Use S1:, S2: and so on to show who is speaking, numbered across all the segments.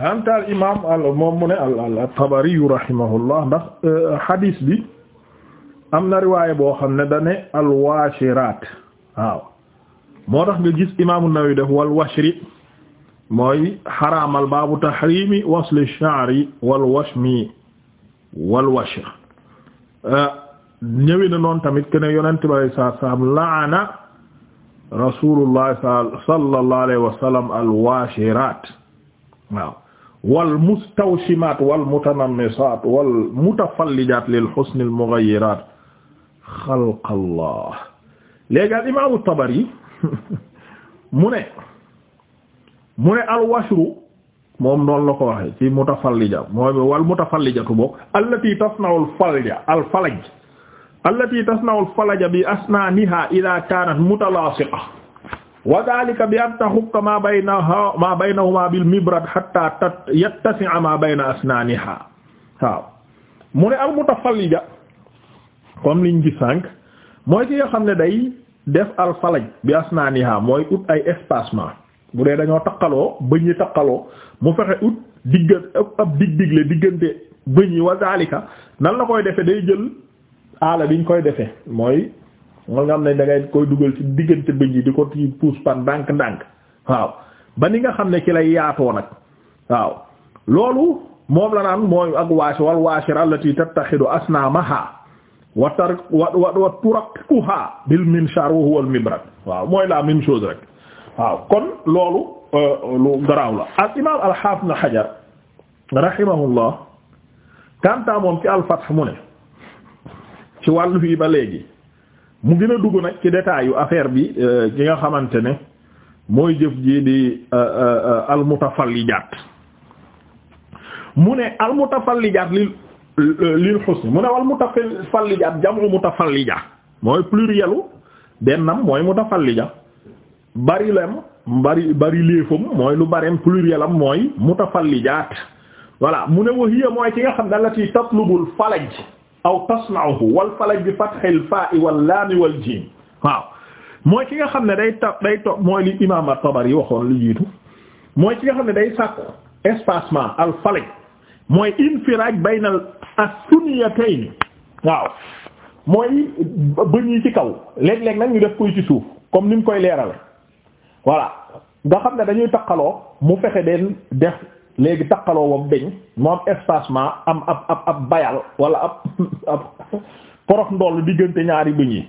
S1: antal imam al moom al Tabari rahimahullah ndax euh, hadis am na riwaay boo xam ne dane al washiraat waaw moo tax nga gis imaamu Nawawi def wal washri mooy xaraamal baabu tahrimi wasli sha'ri wal washmi wal washr euh, ñëwee na noonu tamit ke ne yonente salaam laana rasulullah sallallahu al washiraat wal mustawshimaat wal mutanammisaat wal mutafallijaat lil husni al mughayyiraat xalqallah léegi al imaamu Tabari mu ne mu ne al washru moom noonu la ko waxee ci mutafallija mooy wal mutafallijatu bokk allati tasna'u al falja al falaj allati tasna'u al falaja bi asnaaniha idaa kaanat mutalaasiqa wa dhalika bi an taxukka maa bay na baynaha maa baynahuma bil mibrad hatta yattasi'a maa bayna asnaaniha waaw mu ne al mutafallija comme liñ ci sànq mooy ki nga xam ne day def al falaj bi asnaaniha mooy ut ay espacement bu dee dañoo taqaloo bëñ yi taqaloo mu fexe ut digga ab dig digle diggante bëñ yi wa dhalika nan la koy defe day jël aala biñ koy defe mooy nga xam ne da dugal ci diggante bëj di ko ci pousse waaw ba ni nga xam ne kilay lay yaatoo nag waaw loolu moom la naan mooy ak waashi wal waashira allati tattaxidu asnaamaha wa tar wa wa wa turaqquha bil minshar wa huwa al mibrad waaw mooy la même chose rek waaw kon loolu euh, lu al imaam al haafid ibn hajar rahimahullah kanta moom ci al fath mu ne ci wàllu fii ba léegi mu gën a dugg nag ci détail yu affaire bi euh, ki nga xamante ne mooy jëf ji di euh, euh, almutafallijaat mu ne almutafallijaat lil lil husn mu ne almutafallijaat jam'u mutafallija mooy plurielu bennam mooy mutafallija bari lem bari bari léefam mooy lu bareem plurielam mooy mutafallijaat wala mu ne wa hiya mooy ki nga xam ne allati tatlubul falaj aw tasna'uhu wal falaj bi fathil fa'i wal laami wal jiim waaw mooy ki nga xam ne day ta day to mooy li imaam at-Tabari waxoon li jiitu mooy ki nga xam ne day sàkku espacement al falaj mooy infiraaj baynal as-sunniyatayn waaw mooy bëñ yi ci kaw léeg-léeg nag ñu def koy ci suuf comme ni mu koy leerale voilà nga xam ne dañuy takkaloo mu fexe den def léegi taqaloo wam deñ moo am espacement am ab ab bayal wala ab ab porof ndoll diggante ñaari bëñ yi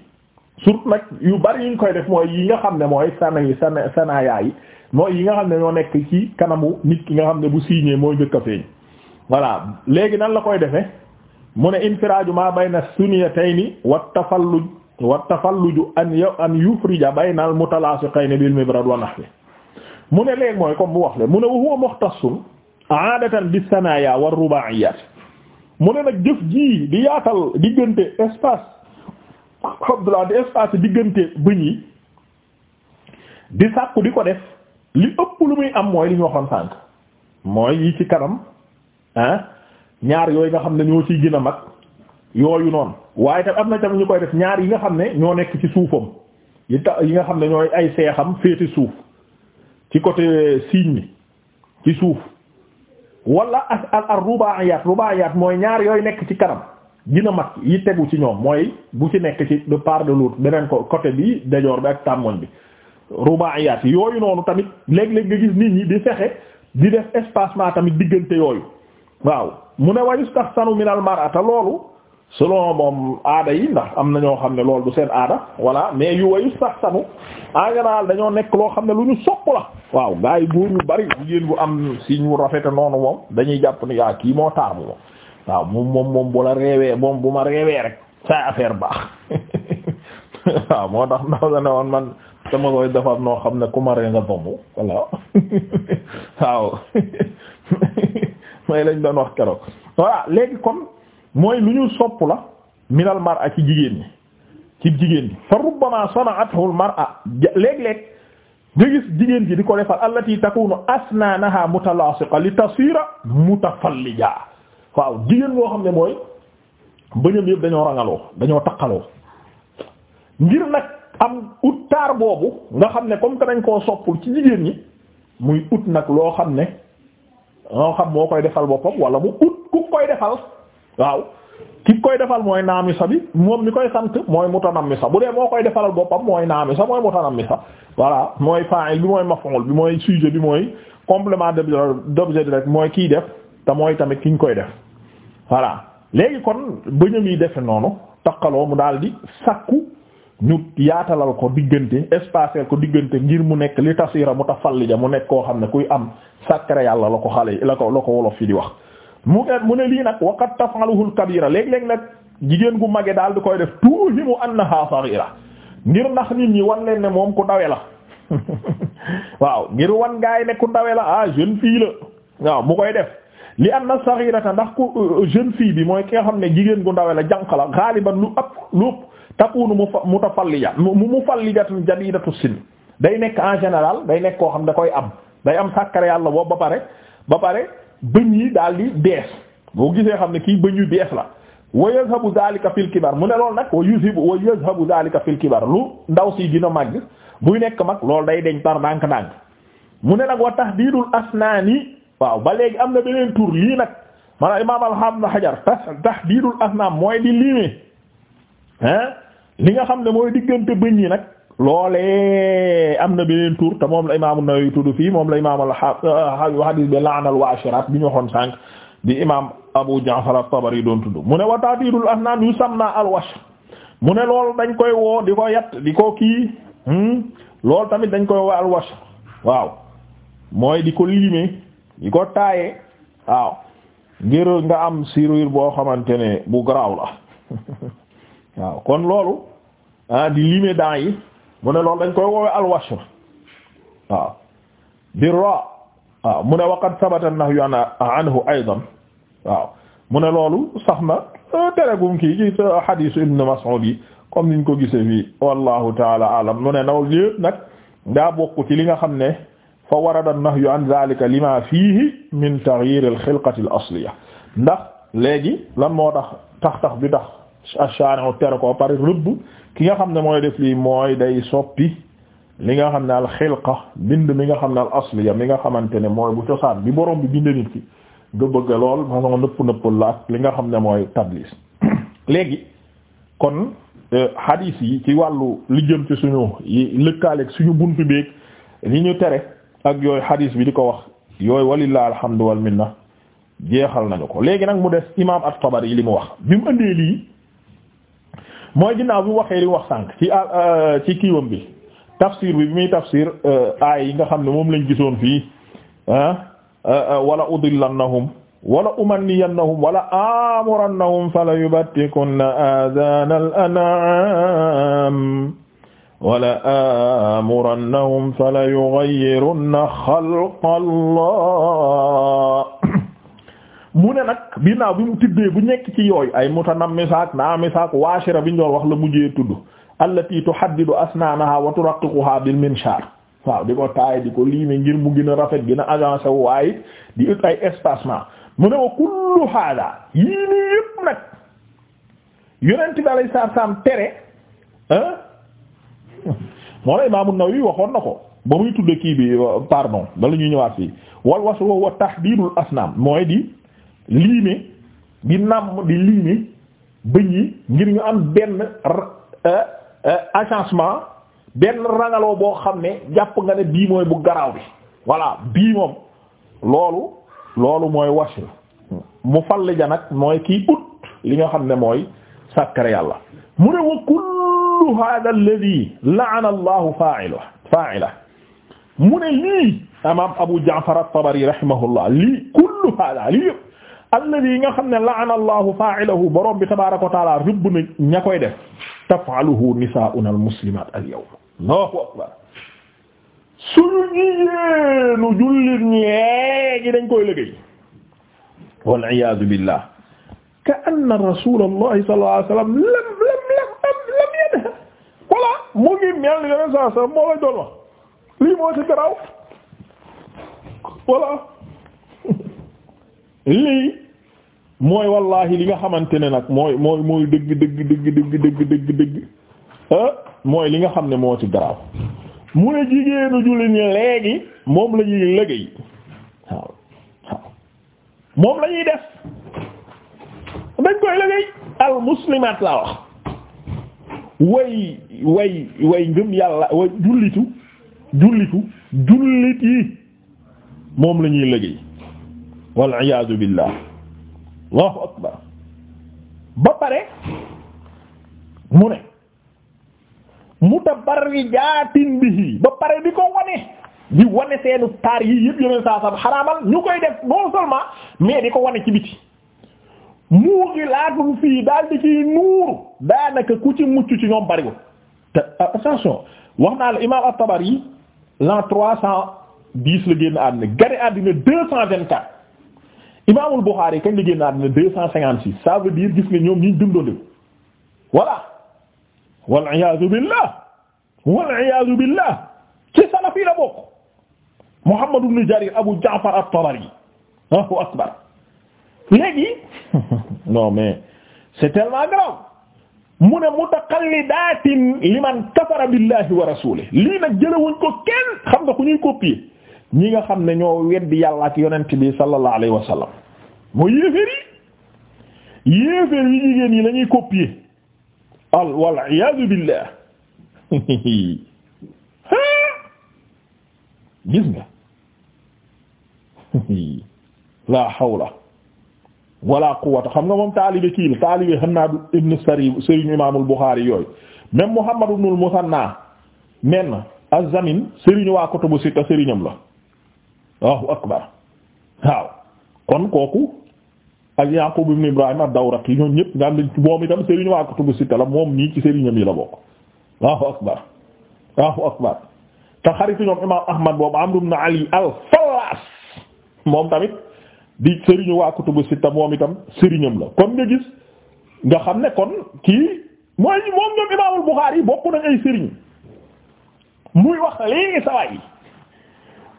S1: surtout nag yu bari yuñ koy def mooy yi nga xam ne mooy sana yi sana sanaayaa yi mooy yi nga xam ne ñoo nekk ci kanamu nit ki nga xam ne bu siiñee mooy njëkk a feeñ voilà léegi nan la koy defee mu ne infiraaju ma bayna sunniyatayni wa tafalluj wa tafalluju an y an yufrija bayna al mutalaasiqayni bil mibrad wa nahwi mu ne léegi mooy comme bu wax le mu ne wa huwa mukhtassun aadatan bi sanaya war rubaiyat mu ne nag jëf jii di yaatal diggante espace abdullah di espace diggante bëñ yi di sàkku di ko def li ëpp lu muy am mooy li ñu waxoon sànk mooy yi ci kanam ah ñaar yooyu nga xam ne ñoo ciy gën a mag yooyu noonu waaye tam am na tam ñu koy def ñaar yi nga xam ne ñoo nekk ci suufam yi ta yi nga xam ne ñooy ay seexam féete suuf ci côté signe bi ci suuf wala al al rubaayat rubaayat mooy ñaar yooyu nekk ci kanam dina mag yi tegu ci ñoom mooy bu ci nekk ci de part de l'autre beneen ko côté bi dajoor bi ak tàmmoñ bi rubaayat yooyu noonu tamit léeg-léeg nga gis nit ñi di fexe di def espacement tamit diggante yooyu waaw mu ne wa yustaxsanu min al mar'ata loolu loo moom aada yi ndax am na ñoo xam ne loolu du seen aada voilà mais yu wayu sax sanu dañoo nekk loo xam ne lu ñu sopp la waaw gars yi góor yu bari jigéen bu am si ñu rafete noonu moom dañuy jàpp ni yaa kii moo taamu moom waaw moom moom moom bu la reewee moom bu ma reewee rek sa affaire baax waaw moo tax ndaw sa ne woon man sama koy defar noo xam ne ku ma ree nga tomb voilà waaw may lañ doon wax keroog voilà léegi kon mooy lu ñu sopp la minal mar'a ci jigéen ñi ci jigéen ñi fa rubbama sana'athu al mar'a léeg-léeg nga gis jigéen ji di ko defal allati takunu asnaanaha mutalasiqa li tasira mutafallija waaw jigéen boo xam ne mooy bëñam yëpp dañoo rangaloo dañoo takkaloo ngir nag am ut taar boobu nga xam ne comme que dañ koo soppul ci jigéen ñi muy ut nag loo xam ne loo xam moo koy defal boppam wala mu ut ku koy defal waaw ki koy defal mooy naamisa bi moom mi koy sant mooy mi mutanammisa bu dee moo koy defalal boppam mooy naamisa mooy mutanammisa voilà mooy fa'il bi mooy maf'ul bi mooy sujet bi mooy complément d'objet direct mooy kiy def te mooy tamit ki ñu koy def voilà léegi kon bëñëm yi defe noonu takkaloo mu daal di sakku ñu yaatalal ko diggante espacer ko diggante ngir mu nekk li tasira mu tafallija mu nekk koo xam ne kuy am sàkkare yàlla la ko xale la ko la ko wolof fi di wax mu ne mu ne lii nag waqad taf'aluhu al-kabira léeg-léeg nag jigéen gu mage daal di koy def tuuhimu annaha saghira ngir ndax nit ñi wan leen ne moom ku dawe la waaw ngir wan gaay ne ku dawe la ah jeune fille la waaw mu koy def li anna saghirata ndax ku euh, euh, jeune fille bi mooy ki nga xam ne jigéen gu ndawe la jànq la ghaliban lu ëpp lu ëpp takunu mu mutafalliya mu mufallijatun jadidatu sin day nekk en général day nekk koo xam da koy am day am sàkkare yàlla boobu ba pare ba bëñ yi daal di dees boo gisee xam ne kii bëñ yu dees la wa yazhabu dhalika fil kibar mu ne lool nag wa yusibu wa yazhabu dhalika fil kibar lu ndaw si gina a màgg buy nekk mag loolu day deñ par ndànk-ndànk mu ne nag wa tahdidul asnaani waaw ba léegi am na beneen tur lii nag maanaam imaam alhamna xajar tahdidul asnaan mooy di limee hein li nga xam ne mooy diggante bëñ yi nag loolee am na beneen tur te moom la imaam an-Nawawi tudd fii moom la imaam al-hadith euh, bi la'nal waashirat bi ñu waxoon sànq di imaam Abu Ja'far at-Tabari doon tudd mu ne wa ta'didul asnaan yusamma al-washr mu ne loolu dañ koy woo di ko yat di ko kii hmm? loolu tamit dañ koy woo al-washr waaw mooy di ko limer di ko taaye waaw ngir nga am sirur boo xamante ne bu garaaw la waaw kon loolu ah, di limer dents yi. mu ne loolu dañ koy woowee alwashr waaw bi ra waaw mu ne waqad sabata nahyu anhu aydan waaw ne loolu sax na euh, teregum kii ci euh, hadith ibn Mas'ud yi comme niñ ko gisee fii wallahu taala alam mu ne naw lépp nag daa bokk ci li nga xam ne fa warada nahyu an zalika lima fiihi min taghyir al xilqati al asliya ndax léegi lan moo tax tax tax bi tax asharin tere ko pare rëbb ki nga xam ne mooy def lii mooy day soppi li nga xam ne al xilqa bind mi nga xam ne al asliya mi nga xamante ne mooy bu cosaan bi borom bi bind nit ki nga bëgg lool façon nëpp nëppal la li nga xam ne mooy tablis léegi kon hadis euh, yi ci wàllu li jëm ci suñu yi lëkkaaleeg suñu bunt beeg li ñu tere ak yooyu hadis bi di ko wax yooyu walillah alhamdu wal minna jeexal nañu ko léegi nag mu des imaam at-Tabari li mu wax bi mu ëndee mooy ginnaaw bi waxee li wax sànq ci euh, euh, ci kiiwam bi tafsir bi bi muy tafsir euh, aay yi nga xam ne moom lañ gisoon fii wala udillannahum wala umanniyannahum wala amurannahum fala yubatikunna adana al an'am wala amurannahum fala yughayyirunna xalqa allah mu ne nag ginnaaw bi mu tiddee bu nekk ci yooyu ay mutanammisaak naamisaak waashira bi ñu doon wax la mujjee tudd allati tuhaddidu asnaanaha wa turaqqiquha bil minshar waaw di ko taay di ko liime ngir mu gën a rafet gën a agencé wu waaye di ut ay espacement mu ne wa kullu hada yii nii yëpp nag yonent bi alayhi salaam tere ah moo la Imaam An-Nawawi waxoon na ko ba muy tudd kii bi euh, pardon bala ñuy ñëwaat fii wal waswa wa liime di nàmm di liime bëñ yi ngir ñu am benn euh, euh, agencement benn rangaloo boo xam ne jàpp nga ne bii mooy bu garaaw bi voilà bii moom loolu loolu mooy wasil mu falli ja nag mooy kii ut li nga xam ne mooy sàkkare yàlla mu ne wa kullu hada alladhi la'ana allahu fa'ilu fa'ila mu ne lii imam abu ja'far at-tabari rahimahullah lii kullu hada lii alladi nga xam ne la'ana allahu fa'ilahu borom bi tabaaraka wa ta'ala rëbb na ña koy def taf'aluhu nisaa'una al-muslimaat al-yawm allahu akbar suñu jigéenu jullit ñeegi dañ koy liggéey wal iyaadu billah ka anna rasulallahi sallallahu alayhi wasallam lam lam lam lam yada voilà mu ngi mel ni yoneen sallallahu alayhi wasallam moo lay doon wax lii moo ci garaaw voilà lii mooy wallahi li nga xamante ne nag mooy mooy mooy dëgg dëgg dëgg dëgg dëgg dëgg eh, mooy li nga xam ne moo ci garaaw mu ne jigéenu jullit ñi léegi moom la ñuy waaw moom lañuy def dañ koy liggéey al muslimat wax way way way ngëm yàlla way jullitu jullitu jullit yi moom la ñuy liggéey wal iyaadu Allahu akbar ba pare mu ne mutabarrijaatin bihi ba pare di ko wane di wane seenu taar yi yëpp yeneen saa sam xaraamal ñu koy def non seulement mais di ko wane ci biti mughilaatum fii daal di ciy nuur daanaka ku ci mucc ci ñoom bariwul te ah, attention wax naa la imaam at-Tabari l'an trois cent dix la génn àddina gane àddina deux cent vingt-quatre imaamul Buxaari kañ la génn àddina deux cent cinquante six ça veut dire gis nga ñoom ñi dundoon voilà wal iyaazu billah wal iyaazu billah ci salaf yi la bokk Muhammad ibn Jarir Abu Ja'far at-Tabari Allahu akbar léegi non mais c'est tellement grave mu ne mutaqallidaatin liman kafara billahi wa rasulihi lii nag jëlewuñ ko kenn xam nga ku ñuy copier ñi nga xam ne ñoo weddi yàlla ak yonent bi sallallahu alayhi wa sallam mooy yéeféer yi yéeféer yi jigéen yi lañuy copier al wal iyaadu billah gis nga la hawla wala quwwata xam nga moom taalibe kii la taalibe Hannaad ibn Sari sëriñ imaamul Buxaari yooyu même Muhammad ibn al-Musanna menn az-Zamin sëriñu waa kutubu sitta sëriñam la Allahu akbar waaw kon kooku ak Yaqub ibn Ibrahim ad-Dawraqi ñoom ñëpp nga am ne moom itam sëriñ waa kutubu sitta la moom nii ci sëriñam yi la bokk Allahu akbar Allahu akbar te xaritu ñoom imaam Ahmad boobu Amr ibn Ali al-Fallas moom tamit di sëriñu waa kutubu sitta moom itam sëriñam la kon nga gis nga xam ne kon kii mooy moom ñoom imaamul Bukhari bokk nañ ay sëriñ muy wax léegi sawaay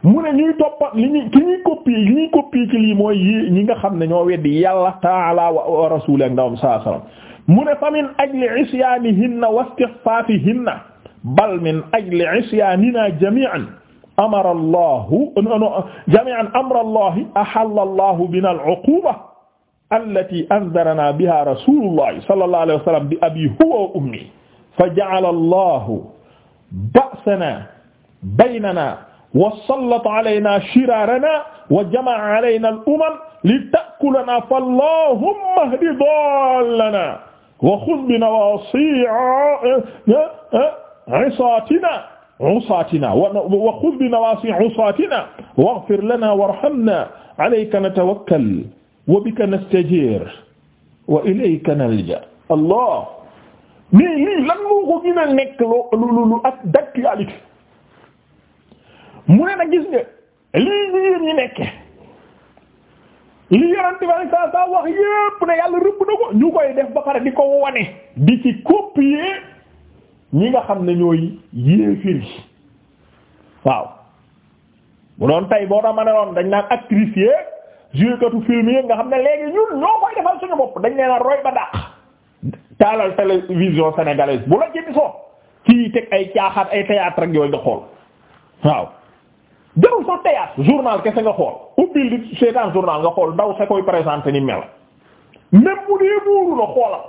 S1: mu ne ñuy toppa li ñuy ki ñuy copier li ñuy copier ci lii mooy yi ñi nga xam ne ñoo weddi yàlla ta'ala wa rasuuli ak ndawam sallallahu alayhi wasallam mu ne fa min ajli isyaanihinna wa istixfaafihinna bal min ajli isyaanina jami'an amara allahu jami'an amra allahi ahalla allahu bina al-uquba allati anzaranaa biha rasuulullahi sallallahu alayhi wasallam bi abi huwa wa ummi fa ja'ala allahu ba'sanaa baynanaa wa sallata alaynaa shiraarana wa jama'a alaynaa al-umam litakkulanaa fallaahumma ihdi daallanaa wa xudh bi nawaasii isaatinaa usaatinaa wa xudh bi nawaasii usaatinaa waghfir lanaa warhamnaa alayka natawakkal wa bika nastajiir wa ilayka nalja Allah mais lii lan moo ko gën a nekk lu lu lu ak d'actualité mu ne na gis nga lii jigéen ñi nekke li yarante ba saa saa wax yépp ne yàlla rëbb na ko ñu koy def ba pare di ko wone di ci copier ñi nga xam ne ñooy yéefir yi waaw bu doon tey boo tax ma ne woon dañ naan actrice yeeg jouekatu nga xam ne léegi bopp dañ leen a roy ba dàq taalal télévision sénégalaise bu la ci bisoon fii teg ay caaxaat ay théâtre ak yooyu nga xool waaw jarul sax théâtre journal kese nga xool ubbil di seetaan journal nga xool ndaw sa koy présenté ni mel même mu dee buuru la xoolal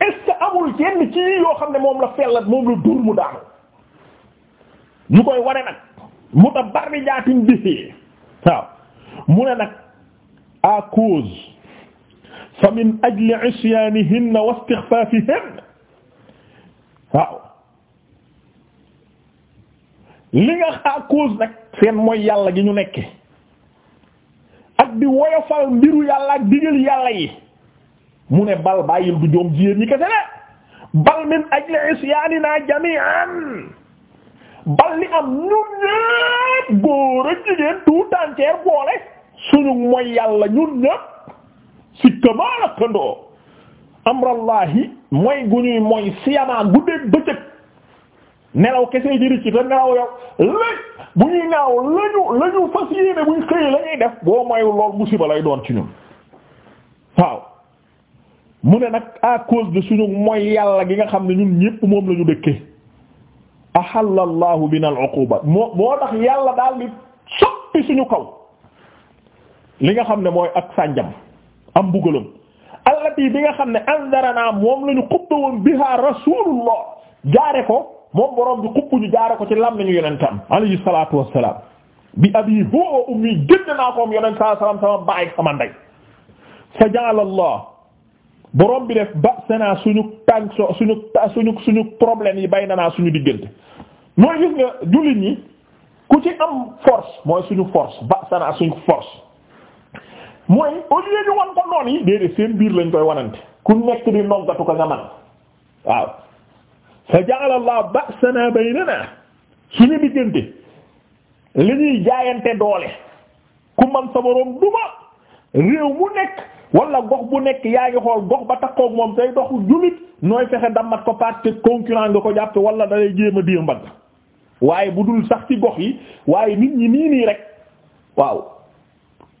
S1: est ce que amul kenn ci yoo xam ne moom la fellat moom la dóor mu daanu ñu koy waree nag mu ta barri jaatin bixee waaw mu ne nag à cause fa min ajli isyaanihinna wa istighfaafihinna waaw li nga xaa cause nag seen mooy yàlla gi ñu nekke ak di woyofal mbiru yàlla ak digal yàlla yi mu ne bal bàyyil du joom jiyéen ñi kese la bal min ajli isyaanina jami'an bal li am ñun ñépp góor ak jigéen tout entière boole suñu mooy yàlla ñun ñépp si kamaala këndoo amrallahi mooy gu ñuy mooy siyamaa guddeeg bëccëg nelaw kese jëriñ ci te nelaw yow léegi bu ñuy naaw lañu lañu fas yéene buñ xëy la ñuy def boo moyul lool musiba lay doon ci ñun waaw mu ne nag à cause de suñu mooy yàlla gi nga xam ne ñun ñépp moom lañu ñu dëkkee ahalla allahu bina al daal di kaw li nga xam ne mooy ak sànjam am bugalam allati bi nga xam ne anzarana moom la ñu woon biha rasulullah jaare ko moom borom bi xubb ñu jaare ko ci làmmiñu yonentam alayhi salaatu wassalaam bi abi huwa ummi génn naa koom yonent sallallahu sama baay sama ndey fa ja'ala Allah borom bi def ba'sana suñu tànk so suñu suñu suñu problème yi bay na naa suñu diggante mooy gis nga jullit ñi ku ci am force mooy suñu force ba'sana suñu force mooy au lieu ñu wan ko noon yi déedéet seen biir lañ koy wanante ku nekk di noggatu ko nga man waaw fa ja'ala Allah ba'sana baynana ñu diggante li ñuy jaayante doole ku man sa boroom duma réew mu nekk wala gox bu nekk yaa ngi xool gox ba takkoog moom tay dox julit nooy fexe dammat ko parce que concurrent nga ko jàpp wala da lay di a dée waaye bu dul sax ci gox yi waaye nit ñi nii rek waaw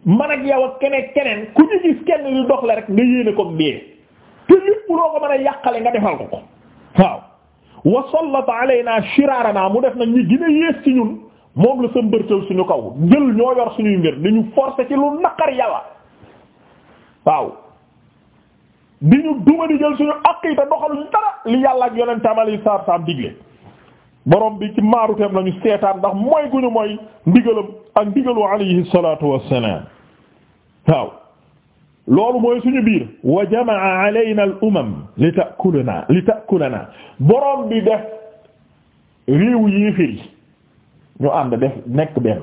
S1: man ak yow ak keneen keneen ku ñu gis kenn lu dox la rek nga yéene ko bee te lépp loo ko mën a yàqale nga defal ko ko waaw wa sallata alaynaa shiraarana mu def nag ñi gën yées ci ñun moom la sa mbërtël suñu kaw jël ñoo yor suñuy mbir di ñu forcer ci lu naqar yàlla waaw di ñu duma di jël suñu àq yi te doxaluñ dara li yàlla ak yonentam alayhi salaatu salaam digle borom bi ci maaruteem lañu seetaan ndax mooy guñu mooy ndigalam ak ndigalu alayhi salaatu wassalaam waaw loolu mooy suñu biir wa jamaa alayna al umam li takulana li takulana borom bi def réew yi firi ñu ànd def nekk benn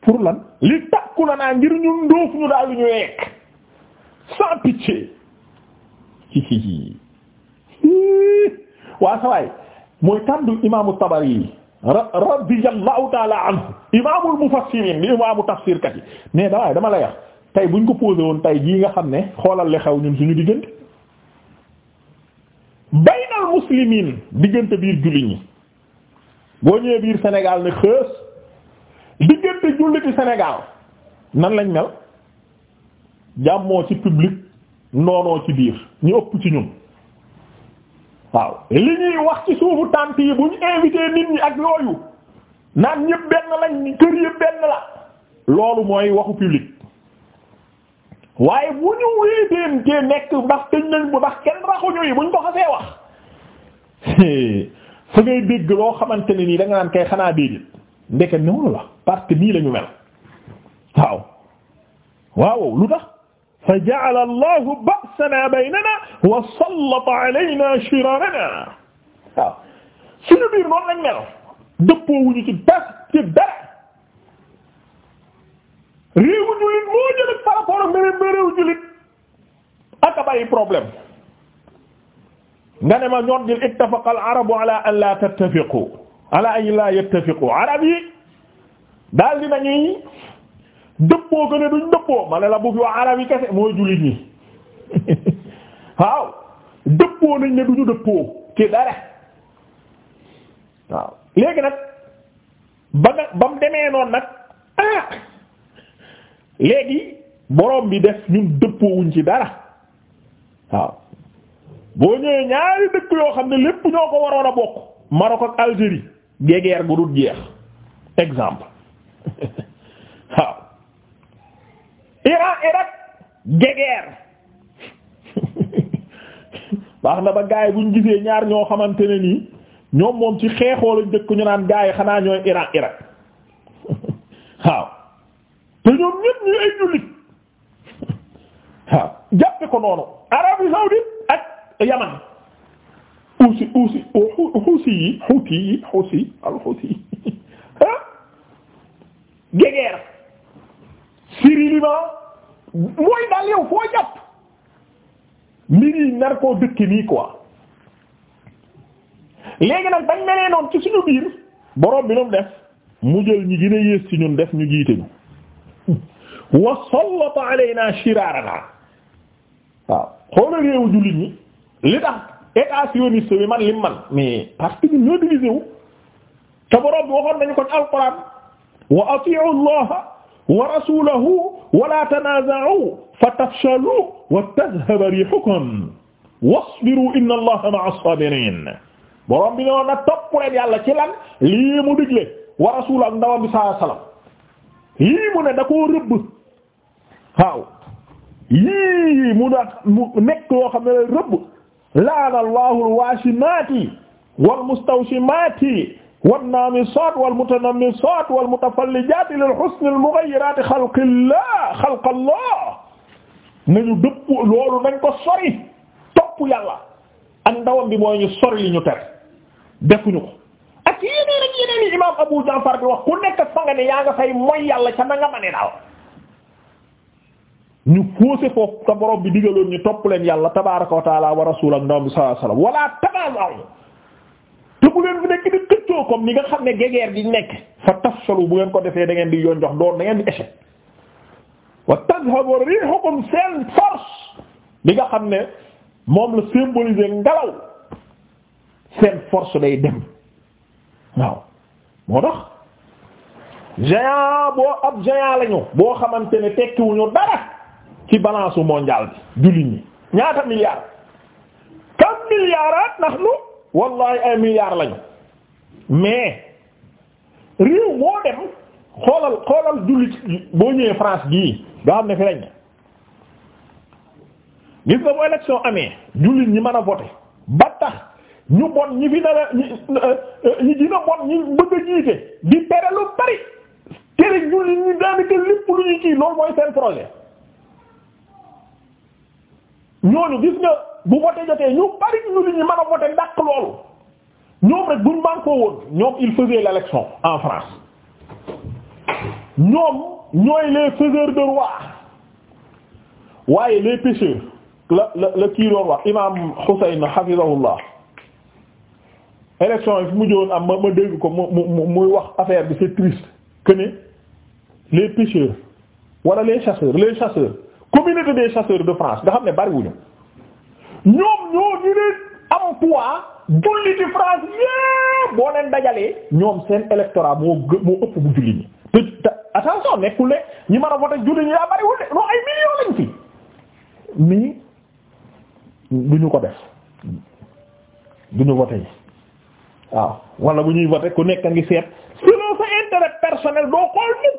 S1: pour lan li takulana ngir ñun ndóof ñu daal ñu yekk sans pitié waa sawaay mooy tàndu imaamu Tabari yi radiyallahu taala anhu imaamul mufassirin li imaamu tafsirkat yi mais dawaay dama la yar tey buñ ko posé woon tey jii nga xam ne xoolal li xew ñun suñu diggante baynal muslimiin diggante biir jullit ñi boo ñëwee biir Sénégal ne xës diggante julliti Sénégal nan lañ mel jàmmoo ci public noonoo ci biir ñu ëpp ci ñun waaw li ñuy wax ci suufu tànt yi bu ñu nit ñi ak yooyu naan ñëpp benn lañ kër yëpp benn la loolu mooy waxu public waaye bu ñu wéeteentee nekk ndax tëj nañ bu ndax kenn raxuñu buñ ko xasee wax fa ngay loo xamante ne nii da nga naan kay xanaa déedéet ndeke noonu la que nii la ñu mel waaw waaw lu tax fa ja'ala Allahu ba'sana baynana wa sallata alayna shirarana waaw suñu biir noonu lañ mel réewu jullit moo jëlit par rapport ak meneen ma réewu jullit problème nga ne ma ñoon dil ittafaqa al arabu ala an la tattafiqu ala an la yattafiqu yi daal dina ñuy dëppoo ko ne duñ dëppoo ma ne la bu fi wax arab yi kese mooy jullit ñi waaw dëppoo nañ ne duñu dëppoo ci dara léegi nag ba mu demee noonu nag ah! léegi boroom bi def ñun dëppoowuñ ci dara waaw boo ñëwee ñaari dëkk yoo xam ne lépp ñoo ko waroon a bokk Maroc ak Algérie guerre bu dul jeex exemple waaw Iran Irak guerre baax na ba gaay buñ gisee ñaar ñoo xamante ne nii ñoom moom ci xeexoo lañ dëkk ñu naan gaay xanaa ñooy Iran Irak waaw te ñoom ñépp ñu ay jullit jàppe ko noonu Arabie saoudite ak Yaman usi usi xuusi yi xuuti yi xuusi al xuuti yi gegeer Syrie Liban mooy daal yow foo jàpp mbir nar koo dëkki nii quoi léegi nag bañ melee noonu ci suñu biir borom bi noonu def mu jël ñi gën a yées ci ñun def ñu jiite ñu wa sallata alaynaa shiraaranaa waaw xoola réewu jullit ñi li tax état sioniste bi man lim man mais parce que ñun ñoo divisé wu te borom bi waxoon nañu ko ci alquran wa ati'u allaha wa rasulahu wa la tanaza'u fatafshalu wa tadhhaba rihukum wasbiru inna allaha ma'a as-sabirin borom bi ne woon na topp leen yàlla ci lan lii mu digle wa rasul ak ndawam bi sallallahu alayhi wasallam yii mu ne da koo rëbb waaw yii mu da mu nekk yoo xam ne rëbb laana allahu alwaashimaati wal mustawshimaati wan naamisaat wal mutanammisaat wal mutafallijaati lil husni al mughayyiraati xalqillah xalqallah nañu dëpp loolu nañ ko sori topp yàlla ak ndawam bi mooy ñu sori li ñu ter defuñu ak yeneen ak yeneen yi imaam Abu Ja'far bi wax ku nekk fa nga ne yaa nga fay mooy yàlla ca na nga mane daal ñu foose foofu te borom bi digaloon ñu topp leen yàlla tabaaraka wa taala wa rasul ak ndawam sallallahu alayhi te bu leen fi nekk di këccoo comme ni nga xam ne gegeer gi nekk fa tafsalu bu ngeen ko defee da di yoon jox doon da ngeen di échec wa tadhhabu rihukum seen force bi nga xam ne moom la symboliser ngelaw seen force day dem waaw moo tax géant boo ab géant lañu boo xamante ne tekkiwuñu dara ci balance mondial bi jullit ñi ñaata milliards kam milliards ndax nu wallahi ay milliards lañu mais réew moo dem xoolal xoolal jullit boo ñëwee France gii nga xam ne fi lañ gis nga bu élection amee jullit ñi mën a voter ba tax ñu bon ñi fi nara ñi dina bon ñi bëgg a di tere lu bari tere julli ñu daanaka lépp lu ñu kii loolu mooy seen projet ñooñu gis nga bu voté jotee ñu bari ñu li ñu mën a voté dàq loolu ñoom rek buñ man koo woon ñoom ils faisaient l'élection en France ñoom ñooy les faiseurs de roi waaye les pécheurs la la la kii wax imam Hussein hafizahullah élection yi fu mu joon am ma ma dégg ko mu mu muy wax affaire bi c'est triste que ne les pêcheurs wala les chasseurs les chasseurs communauté des chasseurs de France nga xam ne bariwuñu ñoom ñoo ñu ne am poids julli ci France yépp boo leen dajalee ñoom seen électorat moo moo ëpp bu julli ñi te attention nekkul ne ñi mën a voté julli ñi yaa bariwul de non ay millions lañ fi mais duñu ko def duñu voté yi waaw wala bu ñuy voté ku nekk a ngi seet sinon sa intérêt personnel doo xool mukk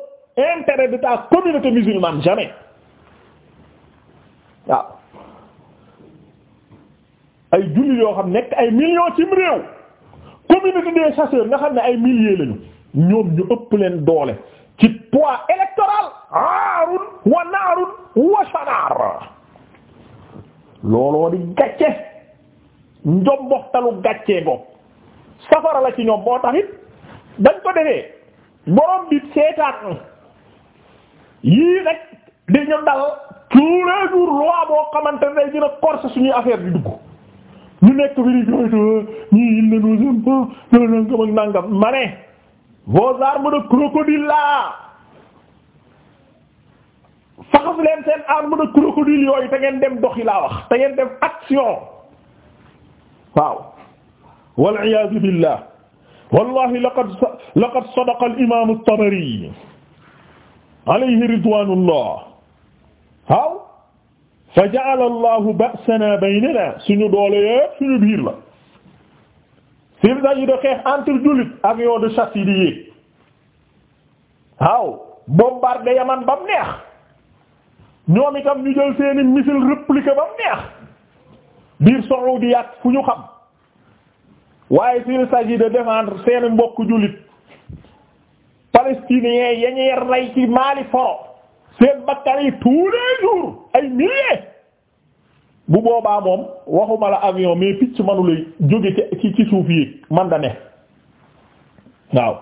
S1: intérêt de ta communauté musulmane jamais waaw ay julli yoo xam nekk ay millions cim réew communauté des chasseurs nga xam ne ay milliers lañu ñoom ñu ëpp leen doole ci poids électoral aarun wa naarun wa sanaar looloo di gàcce njomboxtalu gàcce go safara la ci ñoom moo taxit dañ ko defee borom bi seetaan yii rek di ñu dal tous les loi boo xamante ne dina corse suñuy affaire di dugg ñu nekk bi di jooytu ñii il ne nous aime pas ñoo nangam ak nangam leen seen arme de crocodile yooyu te ngeen dem doxi laa wax te ngeen dem action waaw wal iyaadu billah wallahi laqad laqad sadaqa al imam at-Tabari alayhi ridwanullah waaw fa ja'ala allahu ba'sana baynana suñu doole yépp suñu biir la sir da yi de xeex entre jullit avion de chasse yi di yéeg waaw bombarde yaman ba mu neex ñoom itam ñu jël seeni missile répliqué ba mu neex biir Saoudi fu ñu xam waaye s'il s'agit de défendre seen mbokk jullit palestiniens yañuy rey ci seen bakkan yi tous ay milliers bu boobaa moom waxuma la avion mais picc manulay jóge ci ci suuf yi man da ne waaw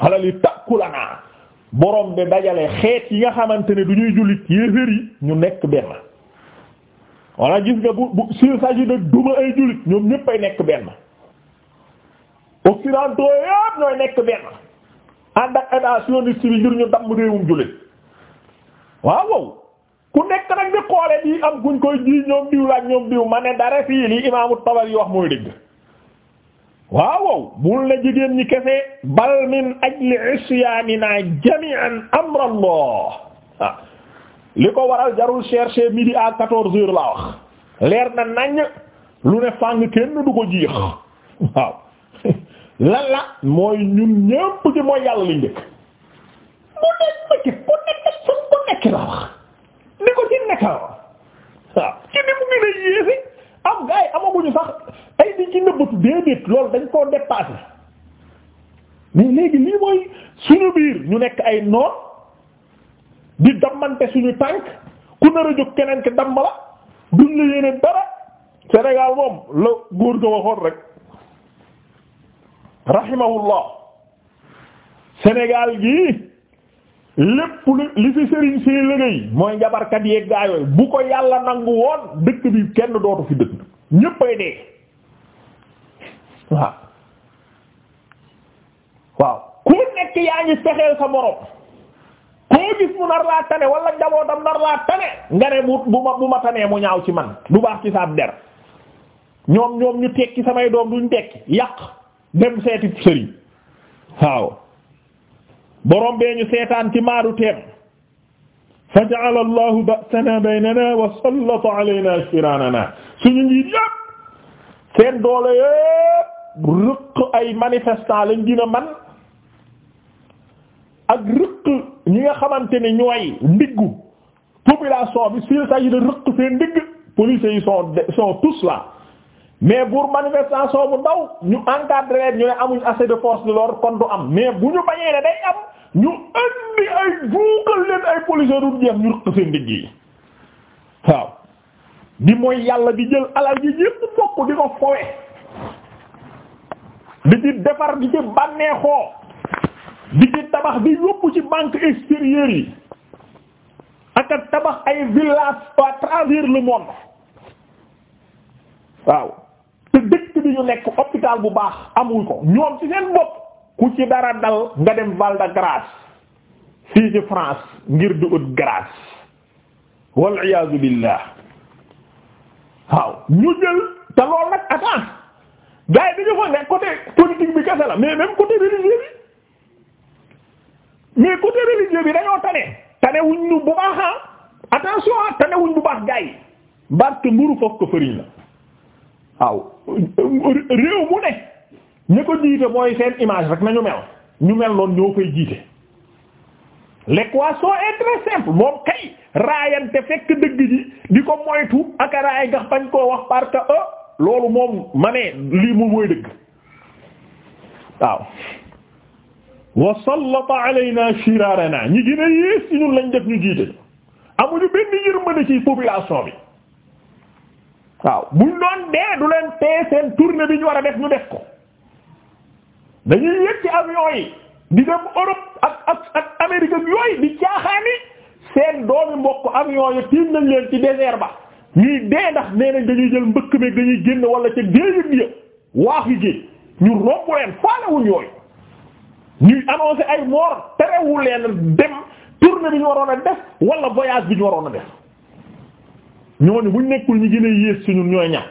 S1: wa li ta'kuluna borom bi dajale xeet yi nga xamante ne du ñuy jullit yéeféer yi ñu nekk benn walla gis nga bu bu s'il s'agit duma ay jullit ñoom ñépp nekk benn occidentaux yépp ñooy nekk benn ànd ak état sioniste bi ngir ñu damm réewum jullit waaw wow ku nekk nag di xoole di am kuñ koy ji ñoom diw laaj ñoom diw ma ne dara fii lii imaamu Tabari wax mooy dëgg waaw bul na jigéen ñi kese bal min ajli isyaanina jami'an amr ah, li ko waral jarul chercher midi à quatorze heures laa wax leer na nañ lu ne fàng kenn du ko jiix waaw lan la mooy ñun ñépp ci mooy yàlla liñ nekk ma ci ku nekk laa wax ni ko ci nekka waaw ah, ci ni mu ngi lay yéesi am gars yi amaguñu sax ay di ci nëbbatu déedéet loolu dañ koo dépassé mais léegi lii mooy suñu biir ñu nekk ay noon di dammante suñu tànk ku nar a jóg keneen ki damm la duñ la yéene dara Sénégal moom la góor ga waxoon rek rahimahullah Sénégal gi lépp li fi sëriñ si liggéey mooy njabarkat yeeg gaa yooyu bu ko yàlla nangu woon dëkk bi kenn dootu fi dëkk ñéppay dee waaw waaw ku nekk yaa ngi fexeel sa morom koo gis mu nar laa tane wala njabootam nar laa tane nga ne bu bu ma bu ma tanee mu ñaaw ci man du baax ci saab der ñoom ñoom ñu tekki samay doom duñ tekki yàq dem seeti sëriñ waaw borom bee ñu seetaan ci maaru teem fa ja'ala allahu ba'sana baynana wa sallata alayna ashfiranana suñu njiit yépp seen doole yépp rëq ay manifestant lañ gën man ak rëq ñi nga xamante ne ñooy ndiggu population bi si sa yi da rëq seen ndigg police yi sont sont mais pour manifestation bu ndaw ñu encadré ñu ne amuñ assez de force de l'ordre kon du am mais bu ñu bañee ne day am ñu andi ay buuxal leen ay policiers du jeex ñu rëq seen digg yi waaw di mooy yàlla di jël alal ji yépp bokk di ko fowe di ci defar di ci bànneexoo di ci tabax di yóbbu ci banque extérieure yi ak a tabax ay villages à le monde waaw ñu nekk hôpital bu baax amul ko ñoom ci seen bopp ku ci dara dal nga dem Val de Grâce fii France ngir du ut grâce wal iyaazu billah waaw ñu jël te loolu nag attends gars yi dañu fa nekk côté politique bi kese la mais même côté religieux bi mais côté religieux bi dañoo tane tane wuñ ñu bu baax ah. attention ah, tane wuñ bu baax gars yi barke mburu foofu ko fëriñ la waaw réew mu ne ña ko jiite mooy seen image rek nañu mel ñu mel noonu ñoo koy jiite l'équation est très simple moom kay raayante fekk dëgg ji di ko moytu ak raay nga bañ koo wax parce que euh, loolu moom ma ne lii mu mooy dëgg waaw wa sallata alayna ñi gën yées ci ñun lañ def ñu jiite amuñu benn yërmande ci population bi waaw buñ doon dee du leen tee seen tournée bi ñu war a def ñu def ko dañuy yëg ci avion yi di dem Europe ak ak ak Amérique ak yooyu di caaxaani seen doomi mbokk avion yi tiim nañ leen ci désert ba ñuy dee ndax nee nañ dañuy jël mbëkk meeg dañuy génn wala ca déeyët ya waax yi géej ñu romb leen faalewuñ yooyu ñuy annoncé ay mort terewul leen dem tournée bi ñu waroon a def wala voyage bi ñu waroon a def ñooñu buñ nekkul ñu gën yées ci ñun ñooy ña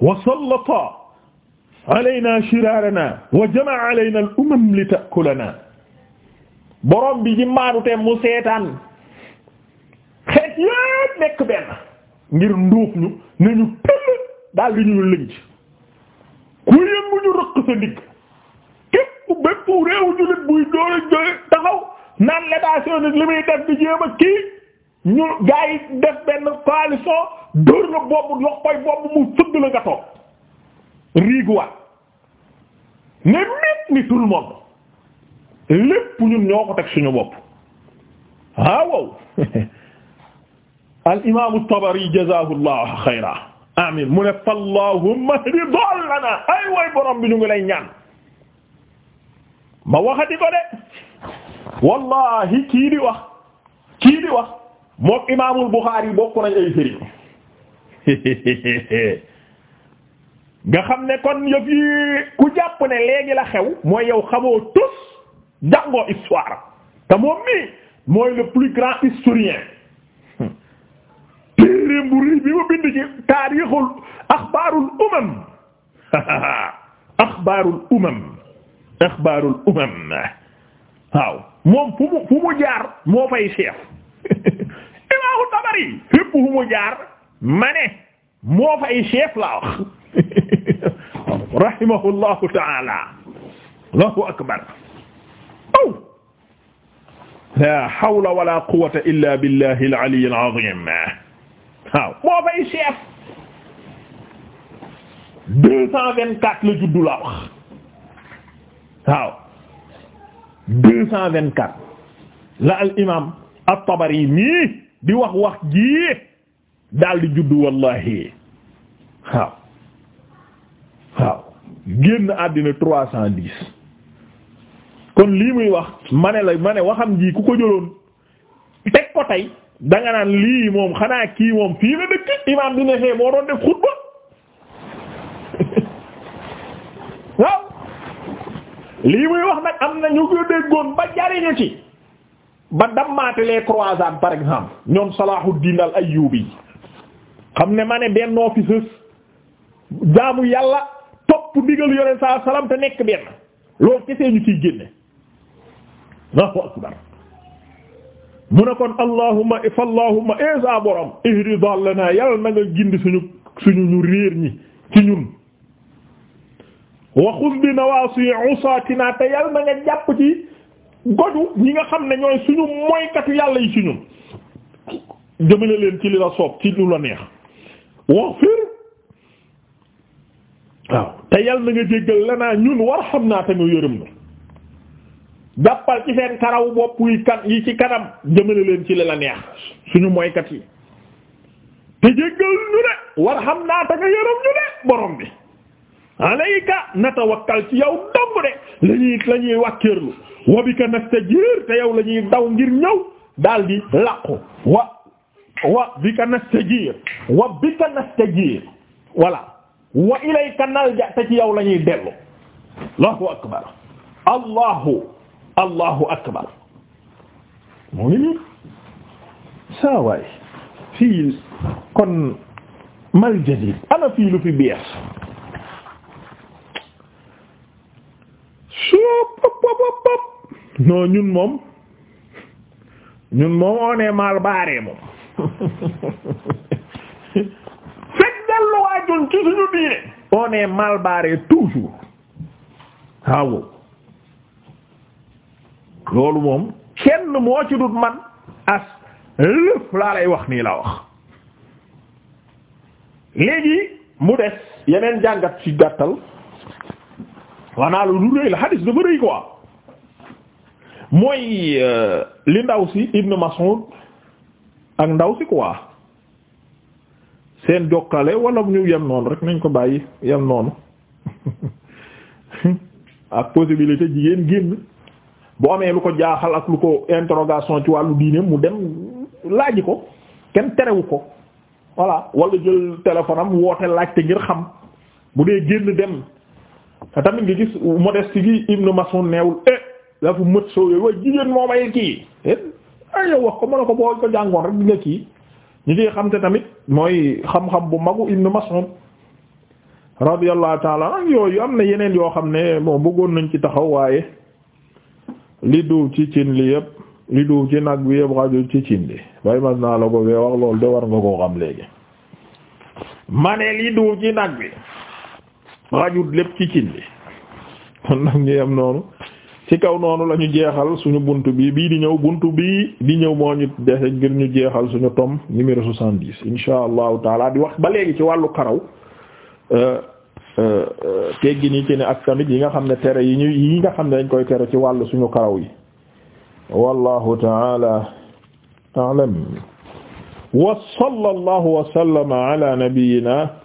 S1: wa sallata alayna shirarana wa jamaa alayna al li ta'kulana borom bi ji maadute mu seetaan xeet yépp nekk benn ngir nduuf ñu ne ñu tëll daal di ñu lënc ku yëngu ñu rëq sa ndigg képp bépp réewu jullit buy doole joxe taxaw naan l'état sioniste li muy def di jéem kii ñu gaa def benn coalition dóor la boobu lox koy boobu mu sëgg la nga toog riiguwaat ne met ni tout le monde lépp ñoo ko teg suñu bopp ah, waaw al imaamu Tabari jazaahu llahu xayra amin mu ne fallahumma hdi dollana ay way borom bi ñu ngi lay ñaan ma waxati ko de wallahi di wax kii di wax moom imaamul Buxaari bokk nañ ay sëriñ nga xam ne kon yëf yi ku jàpp ne léegi la xew mooy yow xamoo tus jàngoo histoire te moom mii mooy le plus grand historien téereem bu rëy bi ma bind ci taarixul axbaarul umam axbaarul umam axbaarul umam moom fu mu fu mu jaar moo fay chef imaamu Tabari fépp fu mu jaar ma ne moo fay chef la wax rahimahullahu ta'ala allahu akbar aw la hawla wala quwwata illa billahi al-ali al-azim waaw moo fay chef deux cent vingt-quatre la juddu la wax waaw deux cent vingt-quatre la al imam at-Tabari mi di wax wax jii daal di juddu wallahi waaw waaw génn àddina trois cent dix kon lii muy wax ma ne la ma ne waxam jii ku ko jëloon teg ko tey danga naan lii moom xanaa kii moom fii la dëkk imaam bi ne xee moo doon def xutba waaw lii muy wax nag am na ñu ko déggoon ba jariñu ci ba dammaate les croisades par exemple ñoom Salahuddin al Ayyubi xam ne ma ne benn office jaamu yàlla topp ndigal yoneen salaam te nekk benn loolu kese ñu ciy génne Allahu akbar mu ne kon allahumma if allahumma isa eh, borom ihdi dallana yàlla na nga gindi suñu suñu ñu réer ñi ci ñun wa bi nawaasi usaatina te yàlla na nga jàpp ci goju ñi nga xam ne ñooy moykat moykatu yàlla yi ci ñun jëmale leen ci li la soob ci lu la neex waxfir waaw te yal na nga jéggal lanaa ñun war xam naa te nga yërëm na jàppal ci seen karaw bopp yi kan yi ci kanam jëmale leen ci li la neex suñu moykat yi te jéggal ñu ne war xam naa te yërëm ñu ne borom bi alayka natawakkal ci yow dong la ñuy la ñuy wàkkeerlu wa bika nastajiir te yow la ñuy daw ngir ñëw daal di làqu wa wa bika nastajiir wa bika nastajiir voilà wa ilayka nalja te ci yow la ñuy dellu allahu akbar allahu allahu akbar mu ngi nii saa waay fii kon ana fii fi bees non ñun moom ñun moom on est mal moom fekk dellu waajoon ci suñu diine on est mal toujours waaw loolu moom kenn moo ci dut man as lëf laa lay wax nii la wax léegi mu des yeneen jàngat ci gàttal xanaa lu du rëy la xadis dafa rëy quoi mooy euh, li ndaw si Ibn Mas'ud ak ndaw si quoi seen jokkale wala ñu yem noonu rek nañ ko bàyyi yem noonu ak possibilité jigéen génn bu amee lu ko jaaxal ak lu ko interrogation ci wàllu diine mu dem laaj ko kenn terewu ko voilà walla jël téléphone am woote laajte ngir xam bu dee génn dem te tamit nga gis modeste gi Ibnu Mas'ud neewul eh dafa mët soo waaye jigéen moo may kii eh ay ah, yow wax ko mën a ko boo ko jàngoon rek di nga kii ñi ngi xam te tamit mooy xam-xam bu magu Ibnu Mas'ud radiyallahu taala an yooyu am na yeneen yoo xam ne bon bëggoon nañ ci taxaw waaye li duw ci cin li yëpp li duw ci nag bi yëpp xaju ci cin li bay mas naa la ko fee wax loolu de war nga koo xam léegi ma ne li duw ci nag bi rajut lépp ci cin bi kon nag ñu yem noonu ci kaw noonu lañu jeexal suñu bunt bi bii di ñëw bunt bii di ñëw moo ñu defe ngir ñu jeexal suñu tome numéro soixante-dix insha allahu taala di wax ba léegi ci wàllu karaw euh, euh, euh, teggi ni ci ne ak tamit yi nga xam ne tere yi ñu yi nga xam ne dañ koy tere ci wàll suñu karaw yi wallahu taala a'lam wa sallallahu wa sallama ala nabiyyina